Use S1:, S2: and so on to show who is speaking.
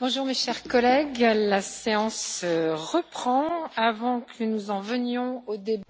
S1: Bonjour mes chers collègues, la séance reprend avant que nous en venions au débat.